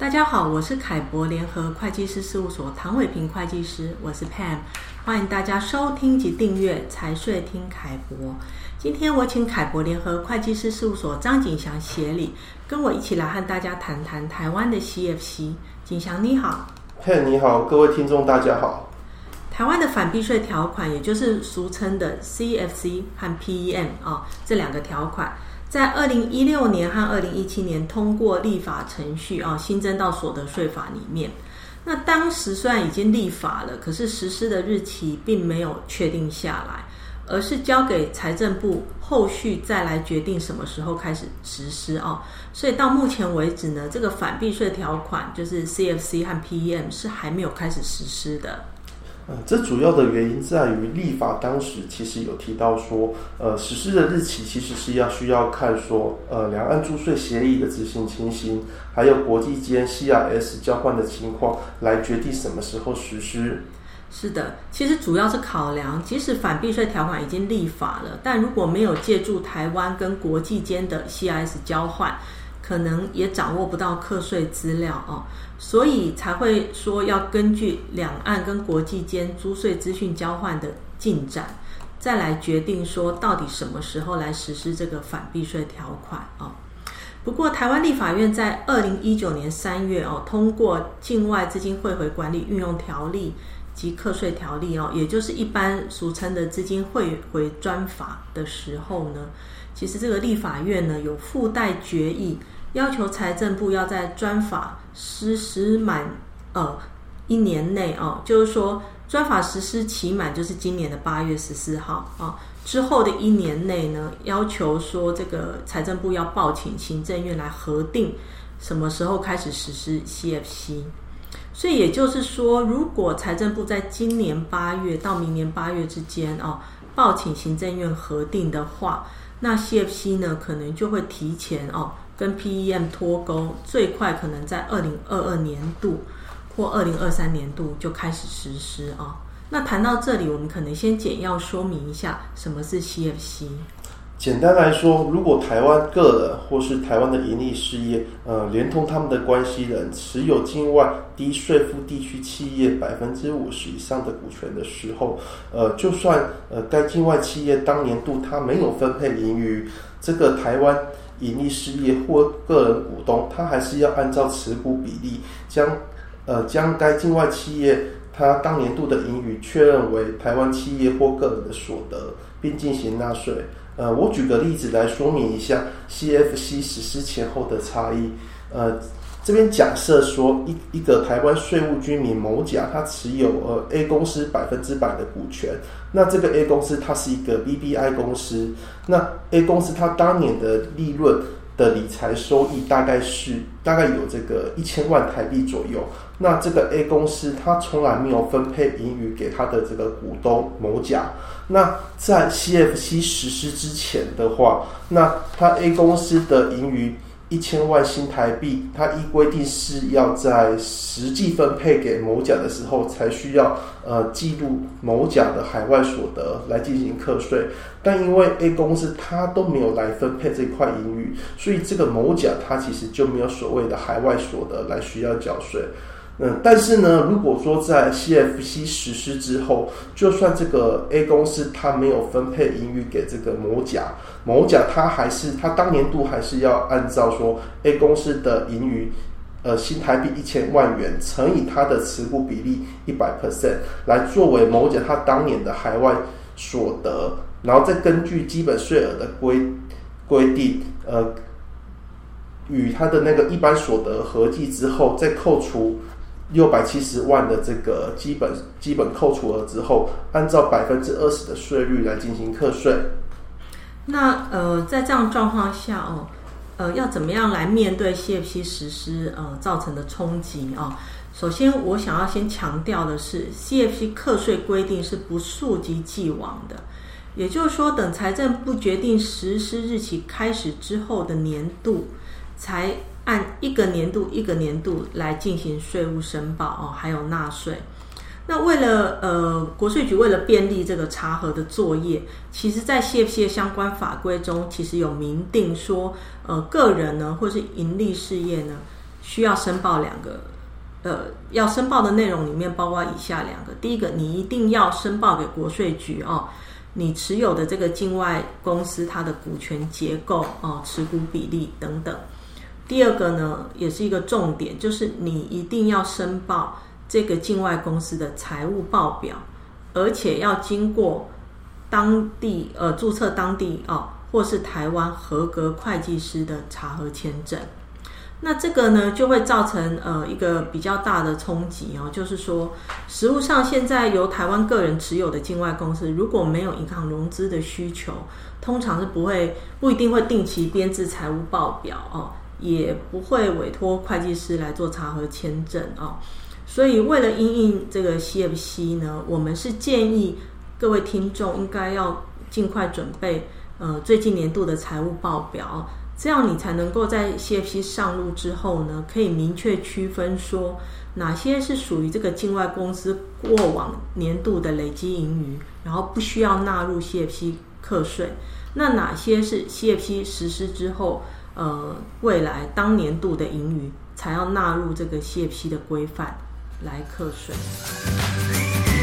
大家好，我是凱博聯合會計師事務所唐偉平會計師，我是 Pam，歡迎大家收聽及訂閱財稅聽凱博。今天我請凱博聯合會計師事務所張景祥協理跟我一起來和大家談談台灣的 CFC。景祥你好，Pam，hey, 你好，各位聽眾大家好。台灣的反避稅條款，也就是俗稱的 CFC 和 PEM，哦、這兩個條款。在二零一六年和二零一七年通過立法程序啊，新增到所得稅法裡面。那當時雖然已經立法了，可是實施的日期並沒有確定下來，而是交給財政部後續再來決定什麼時候開始實施啊。所以到目前為止呢，這個反避稅條款就是 CFC 和 PEM 是還沒有開始實施的。嗯、這主要的原因在於立法，當時其實有提到說，呃，實施的日期其實是要需要看說，呃，兩岸租稅協議的執行情形，還有國際間 CRS 交換的情況來決定什麼時候實施。是的，其實主要是考量，即使反避稅條款已經立法了，但如果沒有借助台灣跟國際間的 CRS 交換。可能也掌握不到課稅資料哦，所以才會說要根據兩岸跟國際間租稅資訊交換的進展，再來決定說到底什麼時候來實施這個反避稅條款哦。不過，台灣立法院在二零一九年三月哦通過《境外資金匯回管理運用條例》及課稅條例哦，也就是一般俗稱的資金匯回專法的時候呢。其實這個立法院呢，有附帶決議，要求財政部要在專法實施滿呃一年內哦，就是說專法實施期滿就是今年的八月十四號啊、哦、之後的一年內呢，要求說這個財政部要報請行政院來核定什麼時候開始實施 CFC。所以也就是說，如果財政部在今年八月到明年八月之間哦報請行政院核定的話。那 CFC 呢，可能就會提前哦，跟 PEM 脫鈎，最快可能在二零二二年度或二零二三年度就開始實施啊、哦。那談到這裡，我們可能先簡要說明一下什麼是 CFC。簡單來說，如果台灣個人或是台灣的營利事業，呃，連同他們的關係人持有境外低稅負地區企業百分之五十以上的股權的時候，呃，就算呃該境外企業當年度它沒有分配盈餘，這個台灣營利事業或個人股東，他還是要按照持股比例將呃將該境外企業它當年度的盈餘確認為台灣企業或個人的所得，並進行納稅。呃，我舉個例子來說明一下 CFC 實施前後的差異。呃，這邊假設說一一個台灣稅務居民某甲，他持有呃 A 公司百分之百的股權，那這個 A 公司它是一個 BVI 公司，那 A 公司它當年的利潤的理財收益大概是大概有這個一千萬台幣左右。那這個 A 公司它從來沒有分配盈餘給他的這個股東某甲。那在 CFC 實施之前的話，那他 A 公司的盈餘。一千萬新台幣，它依規定是要在實際分配給某甲的時候，才需要呃記錄某甲的海外所得來進行課稅，但因為 A 公司它都沒有來分配這塊盈餘，所以這個某甲它其實就沒有所謂的海外所得來需要繳稅。嗯，但是呢，如果說在 CFC 實施之後，就算這個 A 公司它沒有分配盈餘給這個某甲，某甲他還是他當年度還是要按照說 A 公司的盈餘，呃新台幣一千萬元乘以它的持股比例一百 percent 來作為某甲他當年的海外所得，然後再根據基本稅額的規規定，呃，與他的那個一般所得合計之後，再扣除。六百七十萬的這個基本基本扣除額之後，按照百分之二十的稅率來進行課稅。那呃，在這樣狀況下哦，呃，要怎麼樣來面對 CFC 實施呃造成的衝擊啊、呃？首先，我想要先強調的是，CFC 課稅規定是不溯及既往的，也就是說，等財政部決定實施日期開始之後的年度才。按一個年度一個年度來進行稅務申報哦，還有納稅。那為了呃國稅局為了便利這個查核的作業，其實，在一些相關法規中，其實有明定說，呃，個人呢，或是盈利事業呢，需要申報兩個，呃，要申報的內容裡面包括以下兩個：第一個，你一定要申報給國稅局哦，你持有的這個境外公司它的股權結構哦，持股比例等等。第二個呢，也是一個重點，就是你一定要申報這個境外公司的財務報表，而且要經過當地呃註冊當地哦，或是台灣合格會計師的查核簽證。那這個呢，就會造成呃一個比較大的衝擊哦，就是說，實務上現在由台灣個人持有的境外公司，如果沒有銀行融資的需求，通常是不會不一定會定期編製財務報表哦。也不會委託會計師來做查核簽證啊、哦，所以為了因應這個 CFC 呢，我們是建議各位聽眾應該要盡快準備呃最近年度的財務報表，這樣你才能夠在 CFC 上路之後呢，可以明確區分說哪些是屬於這個境外公司過往年度的累積盈餘，然後不需要納入 CFC 課稅，那哪些是 CFC 實施之後。呃，未來當年度的盈餘才要納入這個 CFC 的規範來課稅。